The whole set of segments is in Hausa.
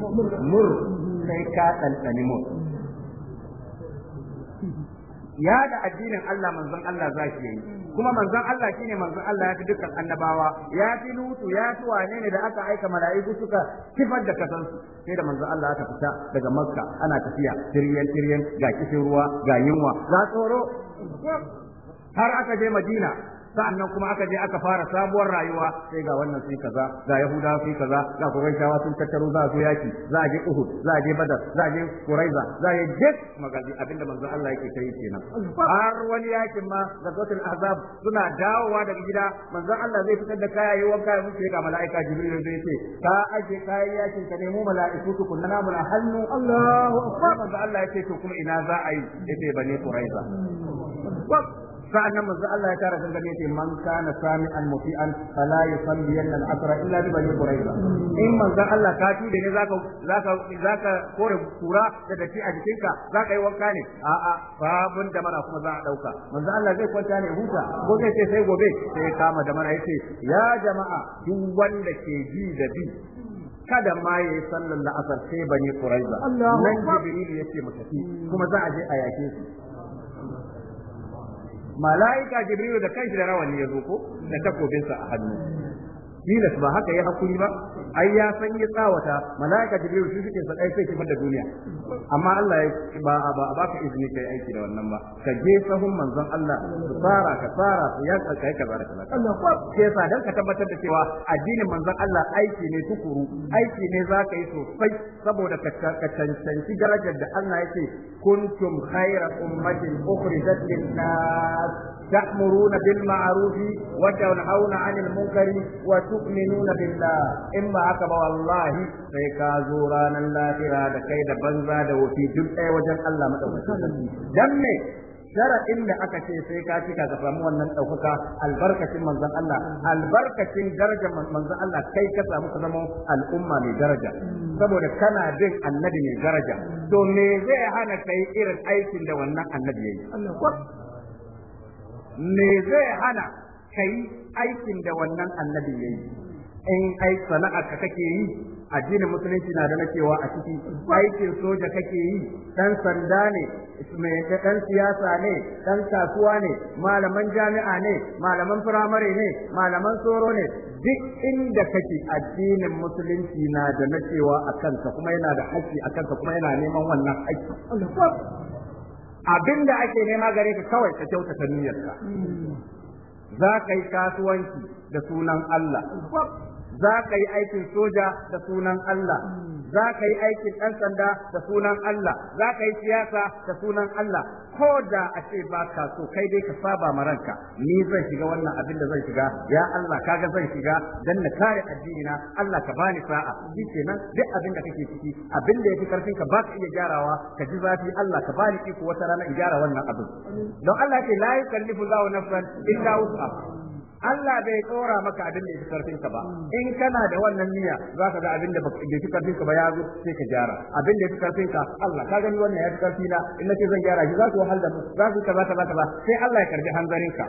mur sai ka tsantsani mur ya da addinin Allah manzon Allah zaki yi kuma manzon Allah ne manzon Allah ya fi dukkan annabawa ya fi lutu ya fi wane ne da aka aika mala'iku suka kifar da kasansu sai da manzon Allah aka fita daga Makka ana tafiya tiryan tiryan ga kishin ruwa ga yunwa za tsoro har aka je Madina sa'annan kuma aka je aka fara sabuwar rayuwa sai ga wannan sai kaza ga yahudawa sai kaza ga quraishawa sun tattaro za su yaki za a je uhud za a je badar za a je quraiza za a je duk magazi abinda manzo Allah yake ta yi kenan har wani yakin ma gazwatul azab suna dawowa daga gida manzo Allah zai fitar da kaya yi wanka ya wuce ga mala'ika jibril zai ce ka aje kayan yakin ka nemo mala'iku tukunna na mun hannu Allahu akbar manzo Allah yake to kuma ina za a yi yace bane quraiza sa'annan manzo Allah ya kara gangan yace man kana sami'an muti'an fala yusalli biyan, al-asr illa bi bani ba. in manzan Allah ka tude ne zaka zaka zaka kore kura da tafi a jikinka zaka yi wanka ne a'a babun da mara kuma za a dauka Manzan Allah zai kwanta ne huta ko zai ce sai gobe sai kama da mara yace ya jama'a duk wanda ke ji da bi kada ma ya yi sallar la'asar sai bani ba. nan jibril yace mu tafi kuma za a je a yake su mala'ika jibrilu da kanshi da rawani ya zo ko da takobinsa a hannu tilas ba haka ya hakuri ba ai ya san ya tsawata malaika jibril shi suke sai sai kifar da duniya amma Allah ya ba ba ka izini kai aiki da wannan ba ka je sahun manzon Allah su fara ka fara su yanka kai ka zara kana Allah ko sai sa dan ka tabbatar da cewa addinin manzon Allah aiki ne tukuru aiki ne za ka yi sosai saboda ka cancanci darajar da Allah yake kuntum khayra ummatin ukhrijat lin-nas تأمرون بالمعروف وتنهون عن المنكر وتؤمنون بالله إما haka ba wallahi sai ka zo ranar lahira da kai da banza da wofi duk ɗaya wajen Allah madaukakin sarki dan me shara'in da aka ce sai ka cika ka samu wannan ɗaukaka albarkacin manzon Allah albarkacin darajar manzon Allah kai ka samu ka zama al'umma mai daraja saboda kana bin annabi mai daraja to me zai hana kai irin aikin da wannan annabi yayi me zai hana kai aikin da wannan annabi yayi in ai sana'a ka kake yi addinin musulunci na da nakewa a ciki aikin soja kake yi dan sanda ne mai dan siyasa ne dan kasuwa ne malaman jami'a ne malaman firamare ne malaman tsoro ne duk inda kake addinin musulunci na da nakewa a kanka kuma yana da haƙƙi a kanka kuma yana neman wannan haƙƙi abin da ake nema gare ka kawai ka kyautata niyyarka za ka yi kasuwanci da sunan Allah za ka yi aikin soja da sunan Allah za ka yi aikin ɗan sanda da sunan Allah za ka yi siyasa da sunan Allah ko da a ce ba ka so kai dai ka saba maranka ni zan shiga wannan abin da zan shiga ya Allah kaga zan shiga dan na kare addini na Allah ka bani sa'a ji kenan duk abin da kake ciki abin da yafi karfin ka ba ka iya gyarawa ka ji zafi Allah ka bani iko wata rana in gyara wannan abin don Allah ya ce la yukallifu Allahu nafsan illa wus'aha Allah bai tsora maka abin da ya karfin ka ba in kana da wannan niyya za ka ga abin da bai fi karfin ka ba ya zo sai ka gyara abin da ya fi karfin ka Allah ka gani wannan ya fi karfi na in nace zan gyara shi za su wahala mu za su kaza kaza kaza sai Allah ya karbi hanzarin ka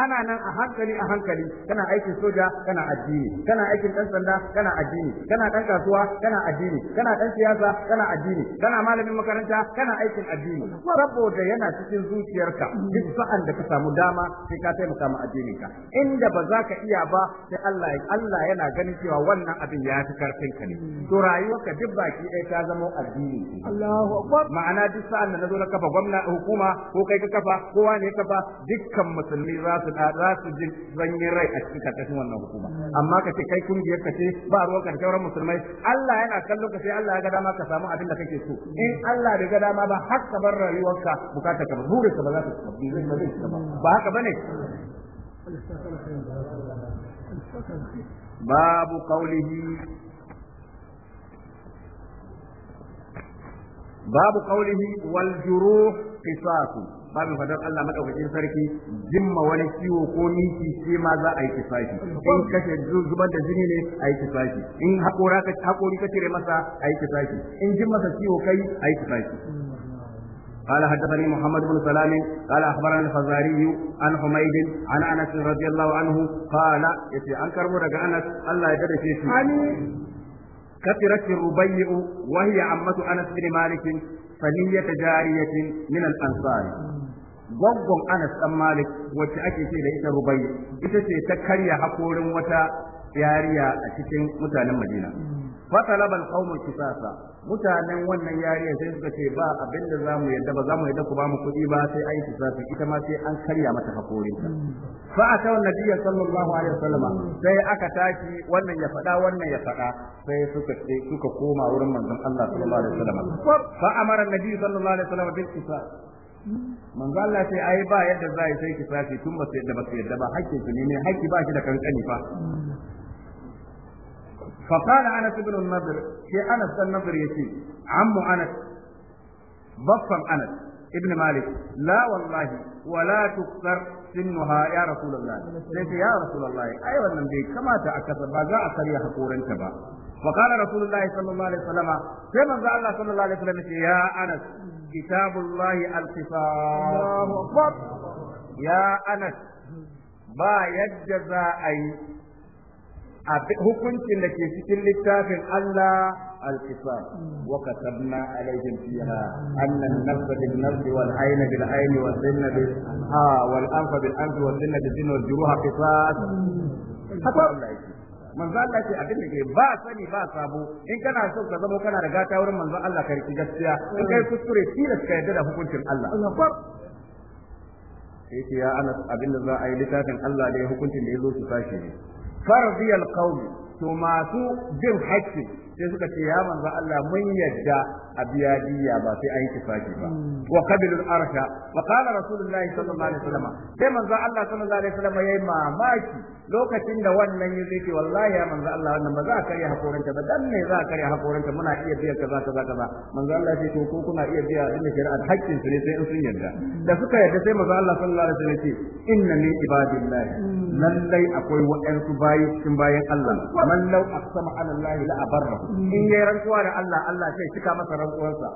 ana nan a hankali a hankali kana aikin soja kana addini kana aikin dan sanda kana addini kana dan kasuwa kana addini kana dan siyasa kana addini kana malamin makaranta kana aikin addini saboda yana cikin zuciyarka duk sa'an da ka samu dama sai ka taimaka ma addinin ka inda ba za ka iya ba sai Allah Allah yana ganin cewa wannan abin ya fi karfin ka ne to rayuwarka duk baki ɗaya ta zama addini Allahu akbar ma'ana duk sa'an da nazo na kafa gwamna hukuma ko kai ka kafa kowa ne kafa dukkan musulmi za su za su ji zanyin rai a cikin karkashin wannan hukuma amma ka ce kai kungiyar ka ce ba ruwan ka sauran musulmai Allah yana kallon ka sai Allah ya ga dama ka samu abin da kake so in Allah bai ga dama ba har ka bar rayuwarka bukatar ka ba burin ka ba za ka ba ba haka bane باب قوله باب قوله والجروح قصاص babu fadar Allah madaukakin sarki jimma wani ciwo ko miki shi ma za a yi kisashi in kashe zubar da jini ne a yi kisashi in hakora ka hakori ka cire masa a yi kisashi in jin masa ciwo kai a yi kisashi قال حدثني محمد بن سلام قال اخبرنا الفزاري عن حميد عن انس رضي الله عنه قال يتي انكر مرق انس الله يدري كثرت الربيع وهي عمة انس بن مالك فنية جارية من الانصار gwaggon Anas dan Malik wacce ake ce da ita Rubai ita ce ta karya hakorin wata yariya a cikin mutanen Madina fatalaba alqawm kisasa mutanen wannan yariya sai suka ce ba abinda zamu yadda ba zamu yadda ku ba mu kuɗi ba sai ai kisasa ita ma sai an karya mata hakorin ta fa ata nabiyyi sallallahu alaihi wasallam sai aka tashi wannan ya faɗa wannan ya faɗa sai suka ce suka koma wurin manzon Allah sallallahu alaihi wasallam fa amara nabiyyi sallallahu alaihi wasallam bil kisasa manzo Allah sai ai ba yadda za yi sai ki tun ba sai da ba sai yadda ba hakki ne ne hakki ba shi da kankani fa فقال انس بن النضر شي انس النضر يتي عم انس بفم انس ابن مالك لا والله ولا تكثر سنها يا رسول الله ليس يا رسول الله ايوه من دي كما تاكثر بذا اكريا حقورنك با فقال رسول الله صلى الله عليه وسلم كما قال الله صلى الله عليه وسلم يا انس كتاب الله القصاص الله اكبر يا انس ba yadda za a yi hukuncin da ke cikin littafin Allah al-qisas wa katabna alaihim fiha anna an-nafsa bin-nafs wal-ayna bil-ayn wal-dhanna bil ha wal-anfa bil-anf wal-dhanna bil-dhann wal-juruha qisas haka manzo Allah ce abin da ke ba sani ba sabo in kana so ka zama kana da gata wurin manzo Allah ka riki gaskiya in kai kuskure tilas ka yarda da hukuncin Allah sai ya ana abin da za a yi littafin Allah da ya hukuncin da ya zo su sashi ne فرضي القوم to masu jin haƙƙi sai suka ce ya manzo Allah mun yadda a biya diya ba sai an yi kifaki ba hmm. wa qabilu al-arsha wa qala rasulullahi sallallahu alaihi wasallam sai manzo Allah sallallahu alaihi wasallam yayi mamaki lokacin da wannan ya zai wallahi ya manzo Allah wannan ba za ka yi hakoranta ba dan ne za ka yi hakoranta muna iya biya kaza kaza kaza manzo Allah ya ce to ko kuna iya biya din shari'a haƙƙin su ne sai in sun yarda hmm. da suka yarda sai manzo Allah sallallahu alaihi wasallam ya ce inna min ibadillah hmm. lallai akwai waɗansu bayi cikin bayan Allah lau a aqsama ala Allah la abarra in yayi rantsuwa da Allah Allah sai cika masa rantsuwarsa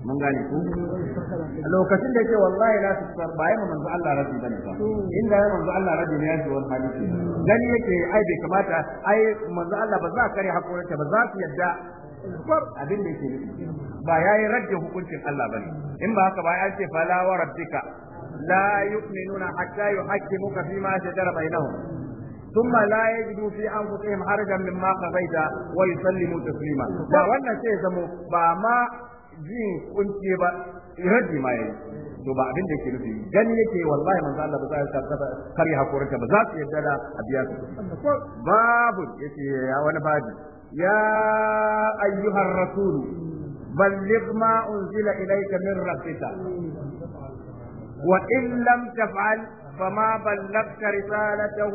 mun gane ku lokacin da yake wallahi la tusar ba yana manzo Allah rabbi bane ba In inda ya manzo Allah rabbi ne ya ji wani hali ce yake ai bai kamata ai manzo Allah ba za kare hakorinta ba za su yadda abin da yake nufi ba yayi rajje hukuncin Allah bane in ba haka ba ya ce fala wa rabbika la yu'minuna hatta yuhaqqimuka fima shajara bainahum ثم لا يجدوا في أنفسهم حرجا مما قضيت ويسلموا تسليما ba wannan sai zamo ba ma jin kunce ba raji ma to ba abin da yake nufi gani yake wallahi manzo Allah ba za ya tabbata kare hakurta ba za su yarda da abiya babu yake ya wani babu ya ayyuhar rasul balligh ma unzila ilayka min rabbika wa in lam taf'al فما بلغت رسالته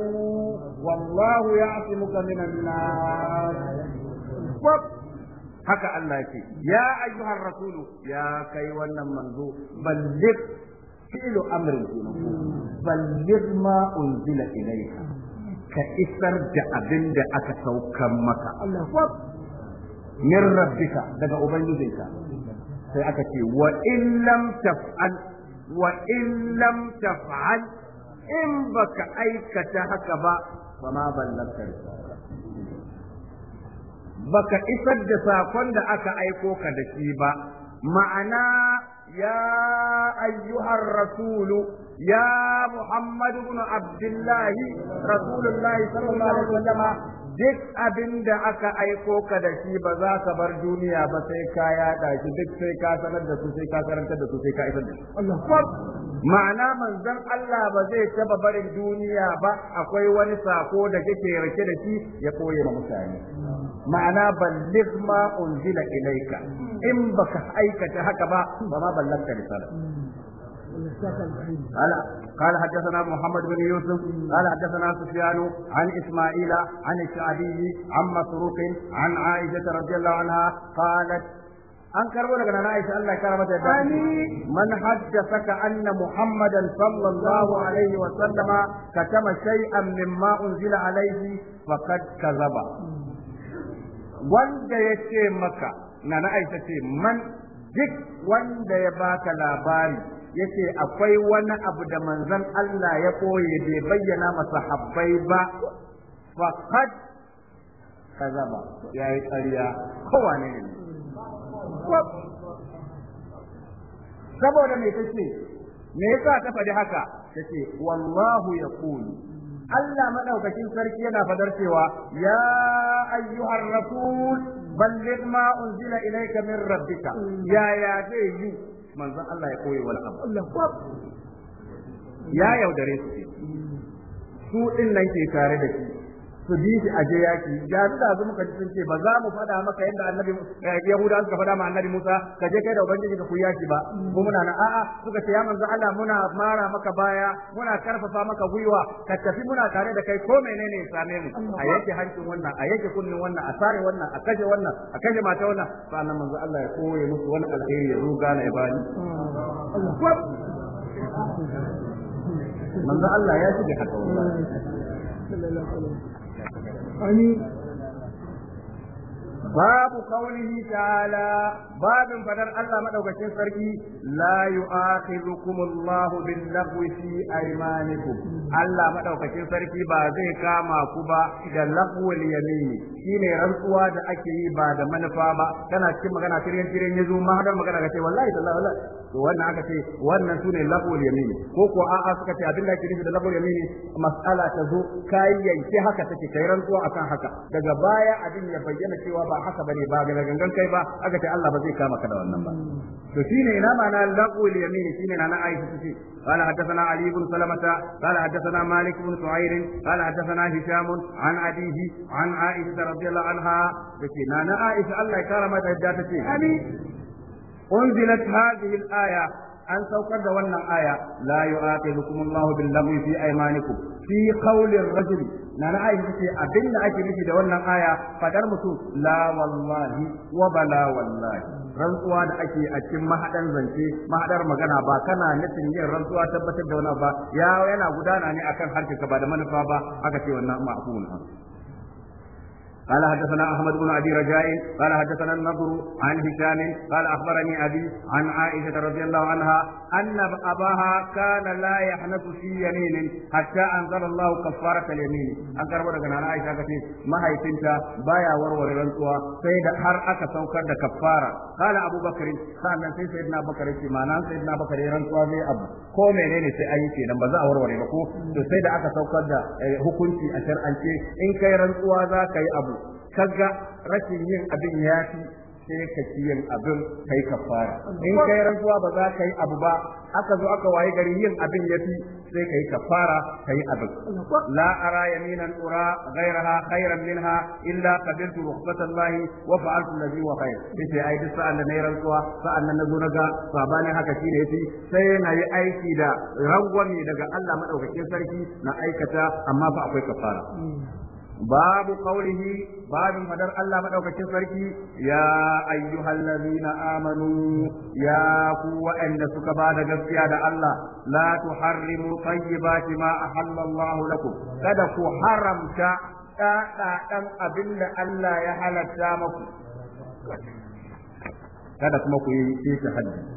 والله يعصمك من الناس هكا الله يكي يا أيها الرسول يا كيوانا منذور بلغ فعل أمر بلغ ما أنزل إليها كإسر جعبين دعك سوكا مكا الله فب من ربك لك أبين ذلك سيأكتي وإن لم تفعل وإن لم تفعل in baka aikata haka ba ba ma ballanta Ba baka isar da sakon da aka aiko ka da shi ba ma'ana ya ayyuhar rasulu ya Muhammadu ibn Abdullahi rasulullahi sallallahu alaihi wasallam duk abin da aka aiko ka da shi ba za ka bar duniya ba sai ka yada shi duk sai ka sanar da su sai ka karantar da su sai ka isar da shi ma'ana manzon Allah ba zai taba barin duniya ba akwai wani sako da kake rake da shi ya koye ma mutane ma'ana balligh ma unzila ilaika in baka aikata haka ba ba ma ballanta risala قال قال حدثنا محمد بن يوسف قال حدثنا سفيان عن اسماعيل عن الشعبي عن مسروق عن عائشه رضي الله عنها قالت an karbo daga nana Aisha Allah ya kara mata da man haddathaka anna Muhammadan sallallahu alaihi wa sallama katama shay'an mimma unzila alaihi faqad kazaba wanda ya ce maka nana Aisha ce man duk wanda ya baka labari yace akwai wani abu da manzon Allah ya koye bai bayyana masa habbai ba faqad kazaba yayi ƙarya kowane ne saboda me tace me yasa ta faɗi haka tace wallahu yaqulu Allah madaukakin sarki yana fadar cewa ya ayyuhar rasul balligh ma unzila ilayka min rabbika ya ya zai yi manzon Allah ya koyi wani abu ya yaudare su su din nan ke tare da shi su bi shi aje yaki ga da zuma ka sun ce ba za mu fada maka yadda annabi eh, yahuda suka fada ma annabi musa ka je kai da ubangiji ka ku yaƙi ba ko muna na a'a suka ce ya manzo Allah muna mara maka baya muna karfafa maka gwiwa ka tafi muna tare da kai ko menene ya same mu a yake hancin wannan a yake kunnin wannan a sare wannan a kaje wannan a kaje mata wannan annabi manzo Allah ya koye musu wani alheri ya zo na ya bani manzo Allah ya shige haka wannan Amin. Babu kaunihi ta'ala, babin fadar Allah maɗaukacin sarki, la yi ake zukumullahu bin lafi fi aimaniku. Allah maɗaukacin sarki ba zai kama ku ba da lafuwar yamini, shi ne rantsuwa da ake yi ba da manufa ba, kana cikin magana tirin tirin ya zo mahadar magana ga ce, wallahi, wallahi, wallahi. to wannan aka ce wannan sune laful yamini ko ko a'a suka ce abin da ake nufi da laful yamini mas'ala ta zo kai yanke haka take kai rantsuwa akan haka daga baya abin ya bayyana cewa ba haka bane ba ga gangan kai ba aka ce Allah ba zai kama ka da wannan ba to shine ina ma'ana laful yamini shine na Aisha tace قال حدثنا علي بن سلمة قال حدثنا مالك بن سعير قال حدثنا هشام عن أبيه عن عائشة رضي الله عنها تكي نانا عائشة الله يكرمها تهدى تكي unzilat hadhihi al-aya an saukar da wannan aya la yu'aqibukum Allahu bil lagwi fi aymanikum fi qawli ar-rajul na na ayi ce abinda ake nufi da wannan aya faɗar mutum la wallahi wa rantsuwa da ake a cikin mahadan zance mahaɗar magana ba kana nufin yin rantsuwa tabbatar da wani ba ya yana gudana ne akan harshe ka ba da manufa ba aka ce wannan ma'qul قال حدثنا احمد بن ابي رجاء قال حدثنا النضر عن هشام قال اخبرني ابي عن عائشه رضي الله عنها ان اباها كان لا يحنث في يمين حتى انزل الله كفاره اليمين an karbo daga nana aisha ta ce mahaifinta baya warware rantsuwa sai da har aka saukar da kaffara kana abubakar sannan sai sayyidina bakar ce ma'ana sayyidina bakar rantsuwa zai abu ko menene sai an yi kenan ba za a warware ba ko to sai da aka saukar da hukunci a shar'ance in kai rantsuwa za ka yi abu kaga rashin yin abin ya fi sai ka ci yin abin kai ka fara in kai rantsuwa ba za ka yi abu ba aka zo aka waye gari yin abin ya fi sai ka yi ka fara ka yi abin la ara yaminan ura ghairaha khairan minha illa qabiltu rukhsatallahi wa fa'altu alladhi wa khair sai ai duk sa'an da nayi rantsuwa sa'an nan nazo naga sabani haka shi ne yafi sai na yi aiki da rangwame daga Allah madaukakin sarki na aikata amma ba akwai kafara babu qaulihi babu madar Allah madaukakin sarki ya ayyuhallazina amanu ya ku wa'anda suka bada gaskiya da Allah la tuharrimu tayyibati ma ahallallahu lakum kada ku haramta ɗaɗaɗan abinda Allah ya halatta maku kada kuma ku yi shi haddi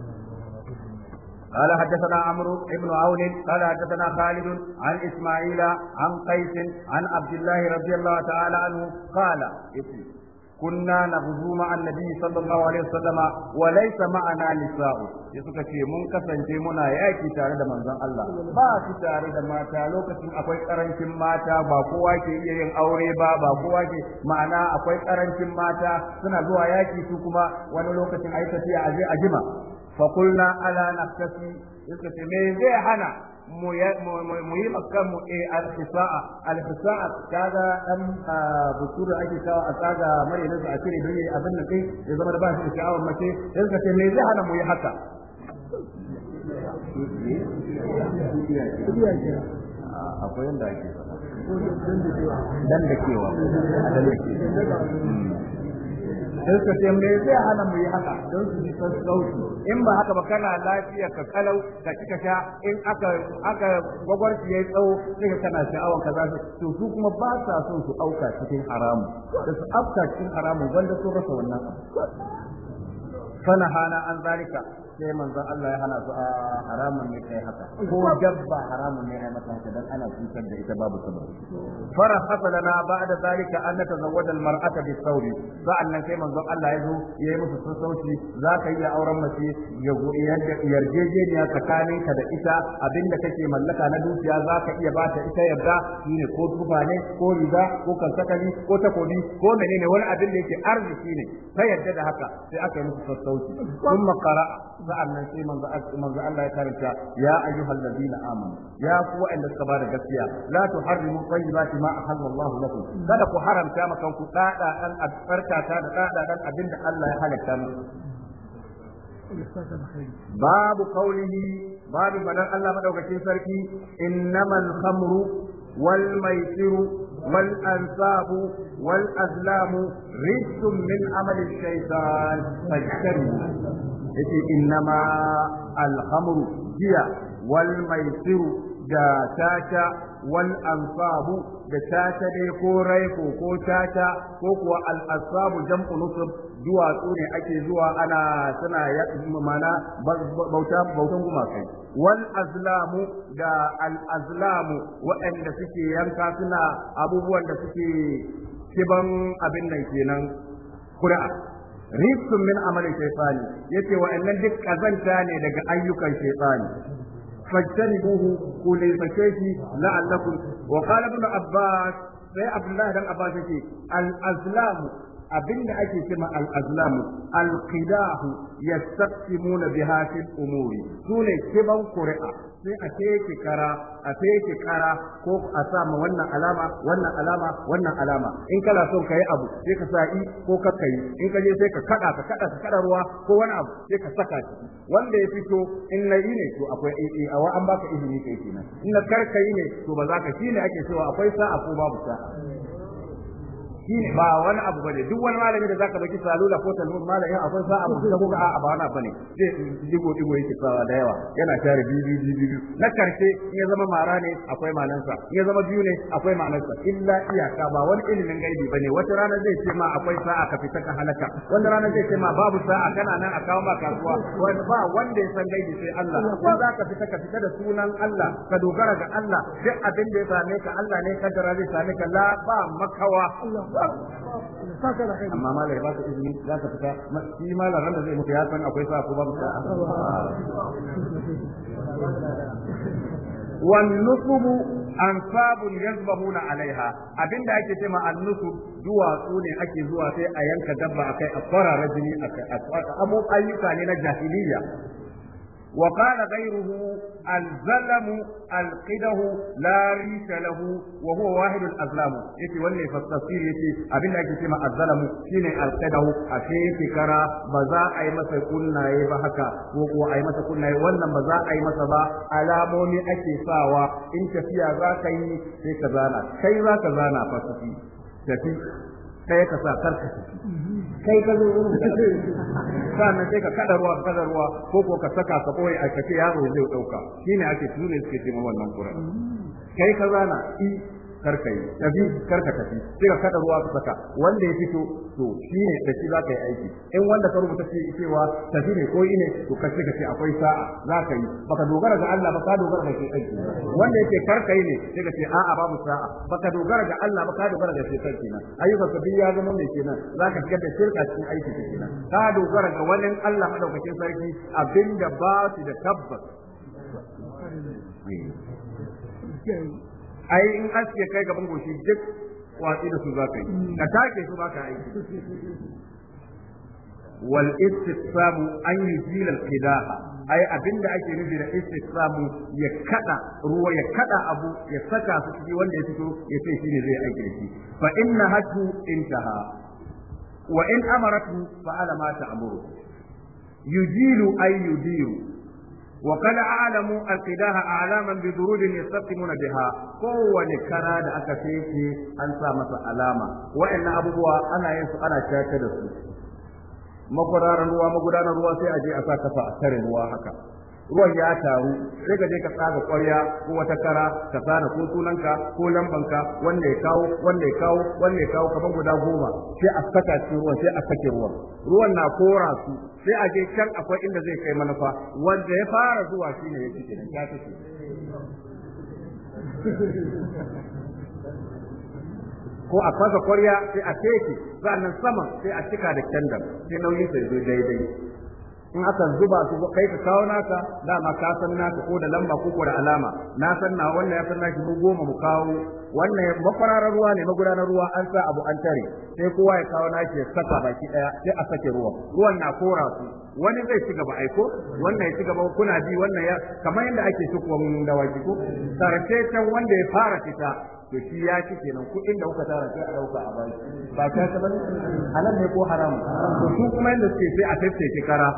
قال حدثنا عمرو بن عون قال حدثنا خالد عن اسماعيل عن قيس عن عبد الله رضي الله تعالى عنه قال كنا نغزو مع النبي صلى الله عليه وسلم وليس معنا نساء sai suka ce mun kasance muna yaki tare da manzon Allah ba su tare da mata lokacin akwai karancin mata ba kowa ke iya yin aure ba ba kowa ke ma'ana akwai karancin mata suna zuwa yaki su kuma wani lokacin ai tafiya a je a jima فقلنا ألا نكتفي يكتفي من زي حنا muyi kanmu alhisa'a alhisa'a kaga dan busuru ake kawo a tsaga mare da a cire don yayi abin da kai ya zama da a shi sha'awar mace sai ka ce me zai hana mu yi haka dan da kewa sai ka ce me zai hana mu yi haka don su ji sauki in ba haka ba kana lafiya ka kalau ka kika sha in aka aka gwagwarci yayi tsawo sai kana sha'awan kaza to su kuma ba sa son su auka cikin haramu da su afka cikin haramu wanda sun rasa wannan abu fana hana an zalika sai manzon Allah ya hana su a ah, haramun ne kai haka ko dabba haramun ne ai mata haka dan ana cutar da ita babu sababi fara hasalana ba'da zalika an tazawwada almar'ata bi thawbi sa'annan sai manzon Allah ya zo yayi musu sassauci za ka yi auren mace ya yadda yarjejeniya ka da ita abinda kake mallaka na dukiya za ka iya ba ta ita yarda shine ko tufa ne ko riga ko kansakali ko takobi ko menene wani abin da yake arziki ne sai yarda da haka sai aka yi musu sassauci kuma makara. sa'annan sai manzo Allah ya karanta ya ayyuhal ladina amanu ya ku wa'anda suka bada gaskiya la tuharrimu tayyibati ma ahalla Allah lakum kada ku haramta makan ku dada dan albarkata da dada dan abinda Allah ya halatta muku babu qawlihi babu badan Allah madaukakin sarki innamal khamru wal maisiru والأنساب والأزلام رجس من عمل الشيطان فاجتنبوا yace innama alhamru jiya wal maisiru da tata wal ansabu da tata dai ko raiko ko tata ko kuwa al asabu jam'u nusb ne ake zuwa ana suna ya mana bauta bautan gumakai wal azlamu da al azlamu waɗanda suke yanka suna abubuwan da suke kiban abin nan kenan kura'a rizqun min amali shaytani yace wa'annan duk ƙazanta ne daga ayyukan shaytani فاجتنبوه قل فشيتي لعلكم وقال ابن عباس sai abdullahi dan abbas yake al abinda ake cewa al-azlam al-qidah yastaqsimuna biha fil umuri sune kiban qur'a sai a teke kara a teke kara ko a sa ma wannan alama wannan alama wannan alama in kana son kai abu sai ka sa i ko ka kai in ka je sai ka kada ka kada ka kada ruwa ko wani abu sai ka saka shi wanda ya fito in na yi ne to akwai eh, eh, A a an baka izini kai kenan in na karkai ne to ba za ka shine ake cewa akwai sa'a ko babu sa'a shine ba wani abu bane duk wani malami da zaka baki salula ko talmud malami akwai sa'a ba sai kuka a ba wani abu bane sai digo digo yake tsawa da yawa yana bi-bi-bi-bi-bi. na karshe in ya zama mara ne akwai malansa in ya zama biyu ne akwai malansa illa iyaka ba wani ilimin gaibi bane wata rana zai ce ma akwai sa'a ka fita ka halaka wata rana zai ce ma babu sa'a kana nan a kawo ma kasuwa wani ba wanda ya san gaibi sai Allah ko za ka fita ka fita da sunan Allah ka dogara ga Allah duk abin da ya same ka Allah ne kaddara zai same ka la ba makawa amma malam ya izini za da zai mutu ya akwai sa ko والنصب أنصاب يذبحون عليها أبين دا ake cewa annusu duwatsu ne ake zuwa sai a yanka dabba akai a jini rajini akai abu ayyuka ne na jahiliya وقال غيره الزلم القده لا ريش له وهو واحد الازلام يتي ولي فالتصير يتي ابن اكي كما الزلم شيني القده اشي كرا بزا اي مسا كنا يبا هكا وقو اي مسا كنا يوانا بزا اي مسا با علاموني اكي ساوا ان تفيا ذاك يي سي كزانا كي ذاك زانا فاسكي تفي ɗaya ka sa karka kai ka zo sannan sai ka kada ruwa kada ruwa ko ko ka saka ka boye a kace yaro zai dauka shine ake tune suke cewa wannan Qur'ani kai ka zana i karka yi tafi karka tafi sai ka kada ruwa ka saka wanda ya fito to shi ne da za ka yi aiki in wanda ka rubuta ce cewa tafi ne ko ne to ka ce ka ce akwai sa'a za ka yi baka dogara ga Allah ba ka dogara ga shi aiki wanda yake karka yi ne sai ka ce a'a babu sa'a baka dogara ga Allah ba ka dogara ga shi aiki nan ayyukan ka ya zama mai kenan za ka shigar da shirka cikin aiki kenan ka dogara ga wani Allah madaukakin sarki abinda ba su da tabbas ai in aske kai gaban goshi duk watsi da su za ka yi ka take su baka aiki wal istisamu an yujila al qidaha ai abinda ake nufi da istisamu ya kada ruwa ya kada abu ya saka su ciki wanda ya fito ya ce shine zai aiki da shi fa inna hatu intaha wa in amaratu fa ala ma ta'muru yujilu ay yudiru Waƙala alamun al'adar a alaman bibiru da ya tsaftace muna jiha, kowane kana da aka fesa an sa masa alama. Wa'inda abubuwa ana yin su ana kyakkyar da su. Mafarar ruwa ma ruwa sai a je a sa kafi a ruwa haka. ruwan ya taru sai ka je ka tsaga ƙwarya ko wata kara ka tsana ko sunanka ko lambanka wanda ya kawo wanda ya kawo wanda ya kawo guda goma sai a saka shi ruwan sai a sake ruwan ruwan na kora su sai a je can akwai inda zai kai manufa wanda ya fara zuwa shi ne ya cike ya cike ko a kwasa ƙwarya sai a teke sannan sama sai a cika da kyandar sai nauyin sai zo daidai in aka zuba su kai ka kawo naka dama ka san naka ko da lamba ko da alama na san na wannan ya san naki mu goma mu kawo wannan ya makwararar ruwa ne magudanar ruwa an sa abu an tare sai kowa ya kawo naki ya saka baki daya sai a sake ruwa ruwan na kora su wani zai ci gaba aiko wannan ya ci gaba kuna bi wannan ya kamar yadda ake da dawaki ko Sarce can wanda ya fara fita to shi ya ci kenan kuɗin da kuka tara sai a ɗauka a baki ba ta ta bane halal ne ko haram to su kuma yanda suke sai a ki kara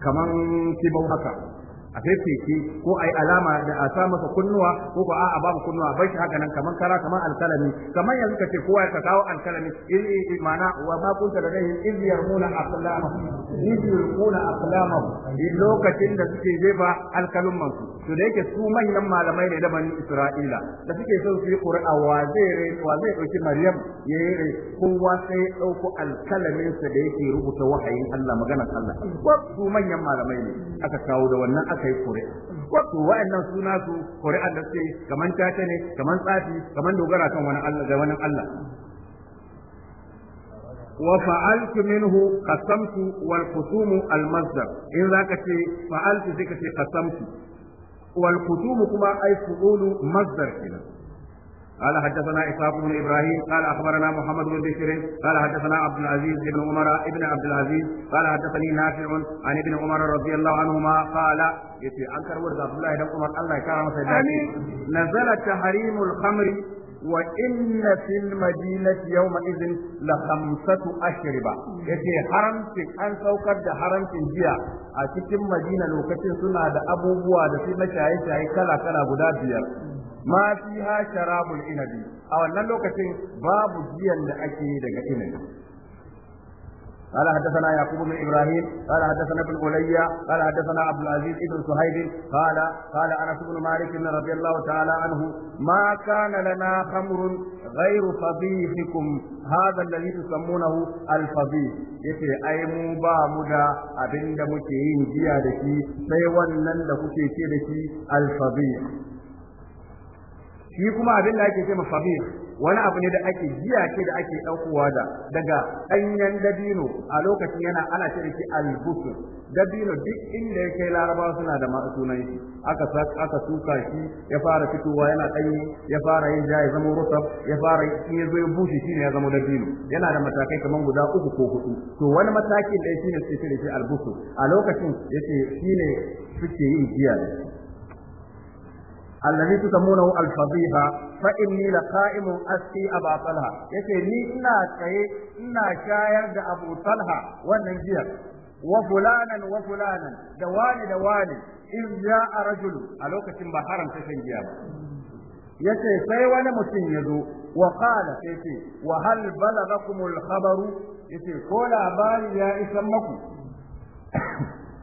kaman kibau haka a fefeke ko yi alama da a sa masa kunnuwa ko ko a'a babu kunnuwa bai shi haka nan kaman kara kaman alkalami kaman yanzu kace kowa ya kawo alkalami ma'ana wa ma kunta ladaihim yi yarmuna aqlamahum iz yarmuna aqlamahum lokacin da suke jefa alkalumman su to da yake su manyan malamai ne da bani Isra'ila da suke son su yi qur'a wa zai wa zai dauki Maryam yayi kowa sai ɗauko alkalamin da yake rubuta wahayin Allah maganar Allah ko su manyan malamai ne aka kawo da wannan kai kuri'a wato wa'annan suna su kuri'a da suke kaman tace ne kaman tsafi kaman dogara kan wani Allah ga wani Allah wa fa'altu minhu qasamtu wal qutumu al masdar in zaka ce fa'altu sai ka ce qasamtu wal qutumu kuma ay fu'ulu mazdar kenan قال حدثنا اسحاق بن ابراهيم قال اخبرنا محمد بن بشير قال حدثنا عبد العزيز بن عمر ابن عبد العزيز قال حدثني نافع عن ابن عمر رضي الله عنهما قال يتي انكر ورد عبد الله بن عمر الله يكرمه سيدنا نزل تحريم الخمر وإن في المدينة يومئذ لخمسة أشربة يتي حرمتك أن سوكر ده حرمتك جيا أتكم مدينة لوكتن سنة ده أبو بوا ده في مشاهي شاهي كلا كلا قدا بيار ma fiha sharabul inabi a wannan lokacin babu giyan da ake daga inabi قال حدثنا يعقوب بن ابراهيم قال حدثنا ابن علي قال حدثنا عبد العزيز بن صهيب قال قال انس بن مالك رضي الله تعالى عنه ما كان لنا خمر غير فضيحكم هذا الذي تسمونه الفضيح yace ai mu ba mu da abin da muke yin jiya da shi sai wannan da kuke ce da shi alfabi shi kuma abin da ake ce ma wani abu ne da ake jiya ce da ake daukowa da daga danyen dabino a lokacin yana ana ce da shi dabino duk inda ya kai laraba suna da sunan shi aka aka suka shi ya fara fitowa yana danyi ya fara yin ja ya zama rusaf ya fara yin ya zo ya bushe ne ya zama dabino yana da matakai kaman guda uku ko hudu to wani matakin da shine suke ce da shi a lokacin shi shine suke yin jiya. allazi tusammunahu al-fadhiha fa inni laqa'imun asqi aba talha yace ni ina tsaye ina shayar da abu wannan jiyar wa fulanan wa fulanan da wani da wani in ja'a rajulu a lokacin ba haramta shan giya ba yace sai wani mutum ya zo wa qala sai ce wa hal balagakumul khabaru yace ko labari ya isa maku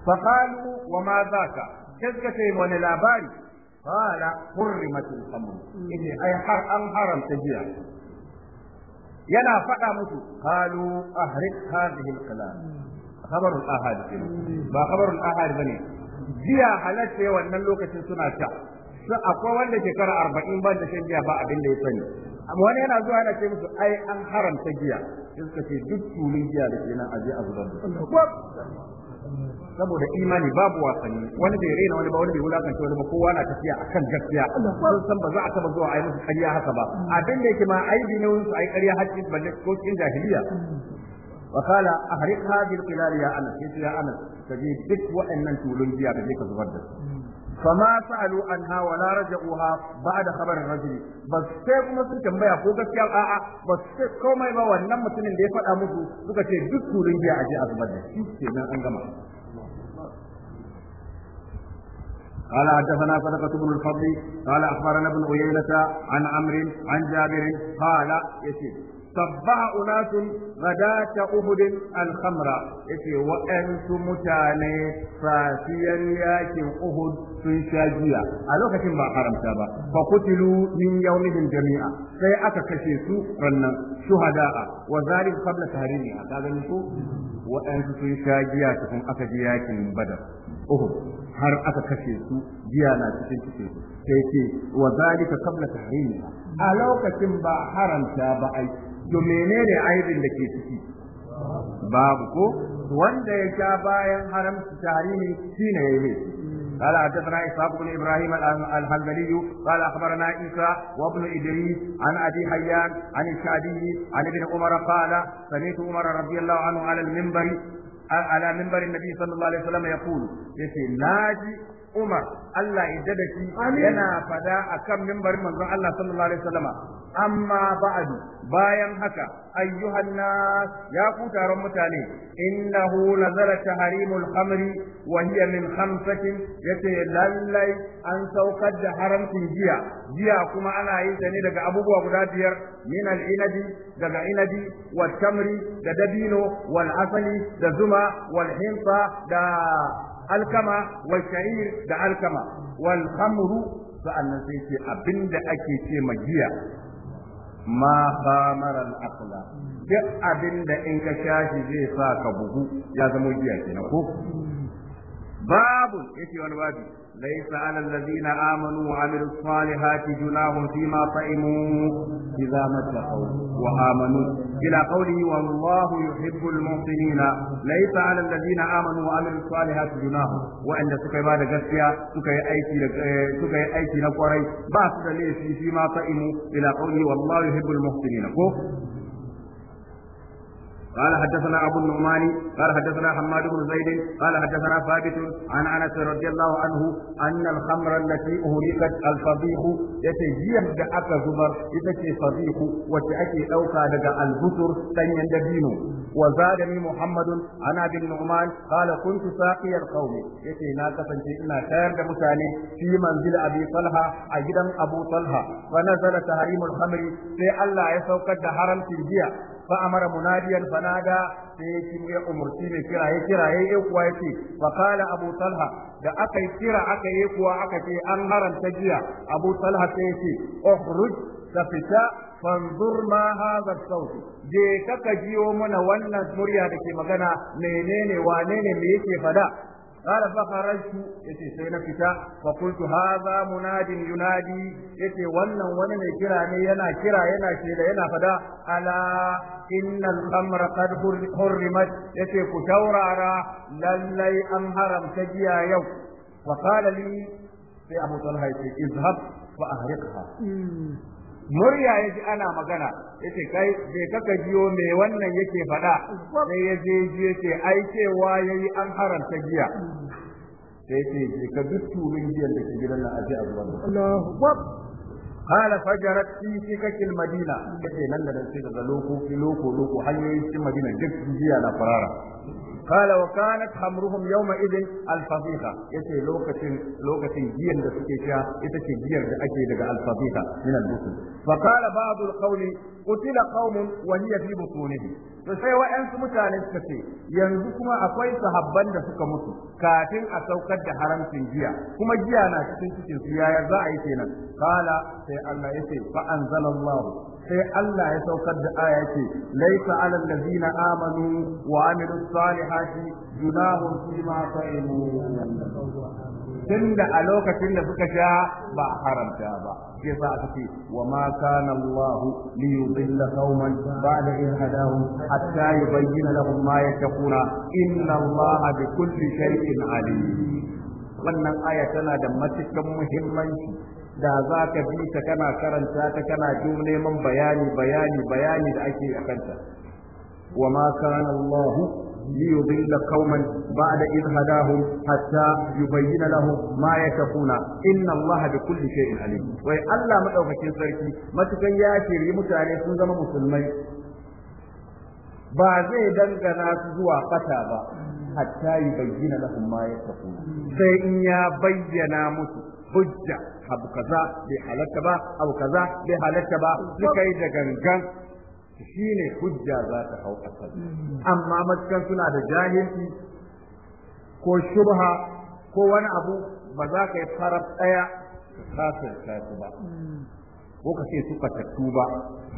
fa qalu wa ma zaka kaskace wani labari qala hurrimat al-khamr yace ay har an haramta jiya. yana faɗa musu qalu ahrid hadhihi al-qalam khabar al-ahad ba khabar al-ahad bane jiya halatta wannan lokacin suna ta su akwai wanda shekara arba'in ban da shan jiya ba abin da ya sani wani yana zuwa yana ce musu ai an haramta jiya. sai suka ce duk tulun jiya da ke nan aje a zubar saboda imani babu wasanni wani bai rena wani ba wani bai wulakanta wani ba kowa na tafiya akan gaskiya sun san ba za a taba zuwa a yi musu ƙarya haka ba abin da yake ma a yi wurin su a yi ƙarya hakkin balle ko cikin jahiliya وقال أحرق هذه القلال يا أنس يا أنس تجيب بك وإن أنت ولنجيا بذيك تغدر فما سألوا عنها ولا رجعوها بعد خبر الرجل بس sai kuma sun tambaya ko gaskiya a'a ba sai komai ba wannan mutumin da ya faɗa musu suka ce duk turin giya aje a zubar da an gama قال حدثنا صدقة بن الفضل قال أخبرنا ابن عيينة عن عمرو عن جابر قال يسير صبح أناس غداة أهد الخمر يتي وأنت متاني فاسيا ياكم أهد في شاجية ألوكة ما حرم تابا فقتلوا من يومهم جميعا سيأك كشيسو رنا شهداء وذلك قبل تهريمها هذا نسو وأنت في شاجية تكون أكجياكم بدر أهد har aka kashe su jiya na cikin ciki su sai ce wa zalika qabla tahrimi a lokacin ba haramta ba ai to menene aibin da ke ciki babu ko wanda ya sha bayan haramta tahrimi shine yayi ne قال حدثنا اسحاق بن ابراهيم الحنبلي قال اخبرنا عيسى وابن ادريس عن ابي حيان عن الشعبي عن ابن عمر قال سمعت عمر رضي الله عنه على المنبر على منبر النبي صلى الله عليه وسلم يقول يسي ناجي Umar Allah ya da shi yana fada akan mimbarin manzon Allah sallallahu alaihi wasallama amma ba'adu, bayan haka ayyuhan nas ya ku taron mutane innahu nazala tahrimul khamri wa hiya min khamsatin yace lallai an saukar da haramcin jiya, jiya kuma ana yin ta ne daga abubuwa guda biyar min al-inadi daga inadi wal da dabino wal asali da zuma wal hinta da alkama wal sha'ir da alkama Walhamru khamru sa'annan abinda ake ce ma jiya. ma samaral akhla duk abin da in ka shashi zai sa ka bugu ya zama giya kenan ko babu yace wani babu laysa ala alladhina amanu wa amilus salihati junahum fima ta'imu idza matlaqu wa amanu إلى قوله والله يحب المحسنين ليس على الذين آمنوا وعملوا الصالحات جناح وأن سكي بعد جسيا سكي أيتي سكي أيتي نقري بعد ليس فيما طئموا إلى قوله والله يحب المحسنين قال حدثنا أبو النعمان قال حدثنا حماد بن زيد قال حدثنا ثابت عن أنس رضي الله عنه أن الخمر التي أهلكت الفضيح يتجيم دعك زبر يتجي فضيح وتأتي أوكا دعا البتر تنين دبينه وزادني محمد أنا بن نعمان قال كنت ساقي القوم يتي ناكا فانتئنا خير دمتاني في منزل أبي طلحة أجدا أبو طلحة فنزل تحريم الخمر في الله يسوكت حرم تجيه fa amara munadiyan fanada sai ya kimi ya umurci mai kira ya ya yi ya ce abu da aka yi kira aka yi kuwa aka ce an haramta jiya, abu talha sai ya ce ukhruj ka fita fanzur ma hadha sauti je kaka jiyo mana wannan murya da ke magana menene wane ne me yake fada قال فخرجت يتي سينا فتا فقلت هذا مناد ينادي يتي ولن ولن كراني ينا كرا ينا شيدا ينا فدا ألا إن الخمر قد حرمت يتي كشورا را للي أمهرم تجيا يوم وقال لي في أبو طلحة اذهب فأهرقها murya ya ana magana ya ce kai bai kaka jiyo me wannan yake faɗa sai ya je ji ya ce ai cewa ya yi an haranta giya sai ce je ka duk turin giyan da ke gidan nan aje a zuwan Kala fajarat Madina سكك madina yace nan da sai daga loko loko loko hanyoyin cikin madina duk jiya na farara hamruhum yau ma يومئذ الفضيحة يتي لوكتين lokacin جير da suke sha ita ce giyar da ake daga alfafiha min babu bukun fa qala ba'd al-qawl qutila fi butunihi to sai wa'ansu mutane suka ce yanzu kuma akwai sahabban da suka mutu kafin a saukar da haramcin giya kuma giya na cikin cikin su yaya za a yi kenan qala sai Allah yace fa anzalallahu sai Allah ya saukar da aya ce laisa alal ladina amanu wa amilus salihati junahun ma ta'imu tunda a lokacin da suka sha ba a haramta ba sai sa aka ce wa ma kana Allah li yudilla qauman ba'da in hadahum hatta yubayyana lahum ma yakuna inna Allah bi kulli shay'in alim wannan aya tana da matukan muhimmanci da za ka bi ta kana karanta ta kana neman bayani bayani bayani da ake a kanta wa ma kana Allah ليضل قوما بعد إذ هداهم حتى يبين لهم ما يتقون إن الله بكل شيء عليم وي الله مدوكين سركي ما تكن يا شيري متاني sun zama musulmai ba zai dangana su zuwa fata ba hatta yubayyana lahum ma yattaqun sai in ya bayyana musu hujja abu kaza bai halatta ba abu kaza bai halatta ba suka yi da gangan shine hujja za ta hau kasar amma matukan suna da jahilci ko shubha ko wani abu ba za ka yi farab ɗaya ka ka ba ko ka ce su fatattu ba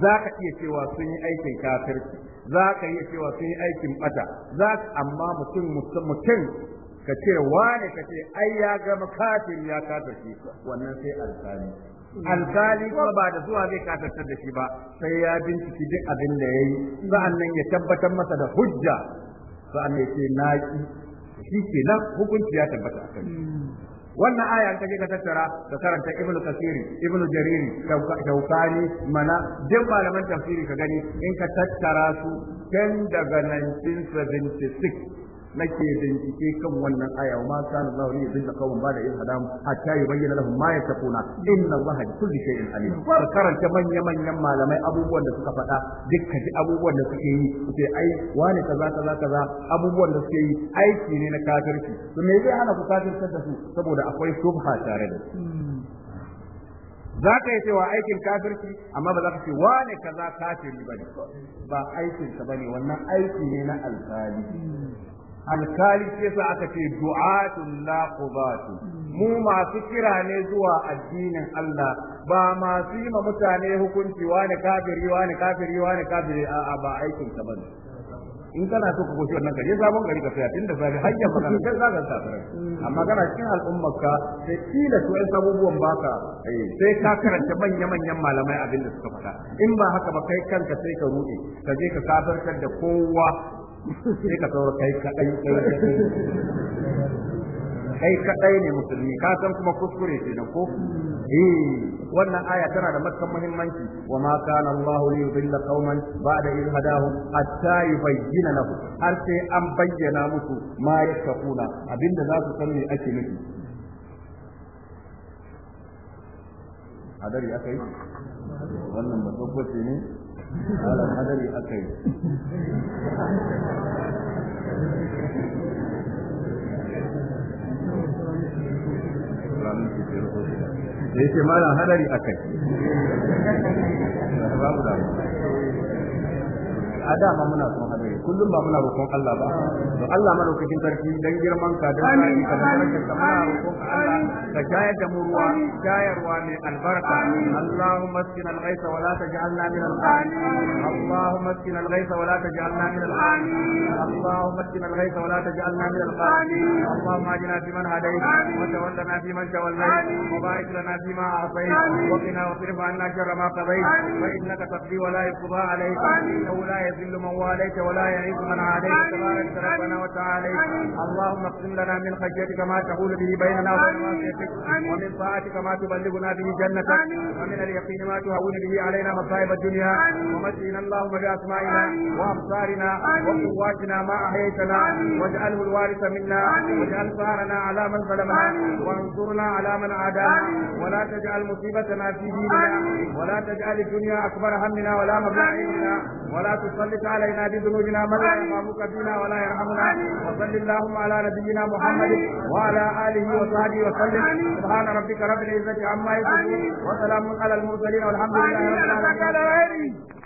za ka iya cewa sun yi aikin kafirci za ka iya cewa sun yi aikin bata za amma mutum mutum ka ce wane ka ce ai ya ga kafin ya kafirce wannan sai alkali alkali kuma ba da zuwa zai kafirtar da shi ba sai ya binciki duk abin da yayi yi nan ya tabbatar masa da hujja sa'annan ce na shi ke nan hukunci ya tabbata a wannan aya kaje ka tattara da karanta ibn kasiri ibn jariri shaukani mana duk malaman tafsiri ka gani in ka tattara su tun daga 1976 nake bincike kan wannan aya wa ma kana Allah ya dinda kawun ba da yin hadam hatta ya bayyana lahum ma yatakuna inna Allah bi kulli shay'in alim ka karanta manyan manyan malamai abubuwan da suka faɗa dukka ji abubuwan da suke yi sai ai wani kaza kaza kaza abubuwan da suke yi aiki ne na kafirci to me zai hana ku kafirtar da su saboda akwai subha tare da su za ka yi cewa aikin kafirci amma ba za ka ce wane kaza kafiri ba ne ba aikinsa ba ne wannan aiki ne na alkali alkali ce sa aka ce du'atun naqubatu mu masu kira ne zuwa addinin Allah ba masu yi ma mutane hukunci wani kafiri wani kafiri wani kafiri a'a ba aikin ka bane in kana so ka goshi wannan gari sabon gari ka tsaya tunda sai har yamma kana kai zaka tsaya amma kana cikin al'ummar ka sai kila su ai sabubuwan baka eh, sai ka karanta manya manyan malamai abin da suka faɗa in ba haka ba kai kanka sai ka ruɗe, ka je ka kafirtar da kowa sai ka saura kai kadai kai kadai ne musulmi ka san kuma kuskure ce nan ko eh wannan aya tana da matakan muhimmanci wa ma kana Allahu li yudilla qauman ba'da idh hadahum hatta yubayyana lahu har sai an bayyana musu ma yakuna abinda za su san ake nufi hadari akai wannan ba ne malam hadari aka da yake muna son kullum ba muna roƙon Allah ba to Allah madaukakin sarki dan girman ka dan kai ka dan ranka ka muna roƙon Allah ka shayar da mu ruwa shayarwa albarka Allahumma askin al-ghaytha wa la taj'alna min al Allahumma askin al-ghaytha wa la taj'alna min al Allahumma askin al-ghaytha wa la taj'alna min al-qanitin Allahumma ajina fi man hadayt wa tawallana fi man tawallayt wa barik lana fi ma a'tayt wa qina wa sirfa anna sharra ma qadayt fa innaka taqdi wa la yuqda alayka wa la yadhillu man walayta wa la يعيذ من عليك تبارك ربنا وتعالى اللهم اقسم لنا من خشيتك ما تحول به بيننا وبين معصيتك ومن طاعتك ما تبلغنا به جنتك ومن اليقين ما تهون به علينا مصائب الدنيا ومتعنا اللهم باسمائنا وابصارنا وقواتنا ما احييتنا واجعله الوارث منا واجعل ثارنا على من ظلمنا وانصرنا على من عادانا ولا تجعل مصيبتنا في ديننا ولا تجعل الدنيا اكبر همنا ولا مبلغ علمنا ولا تسلط علينا بذنوبنا من لا يخافك فينا ولا يرحمنا وصل اللهم على نبينا محمد وعلى اله وصحبه وسلم سبحان ربك رب العزه عما يصفون وسلام على المرسلين والحمد لله رب العالمين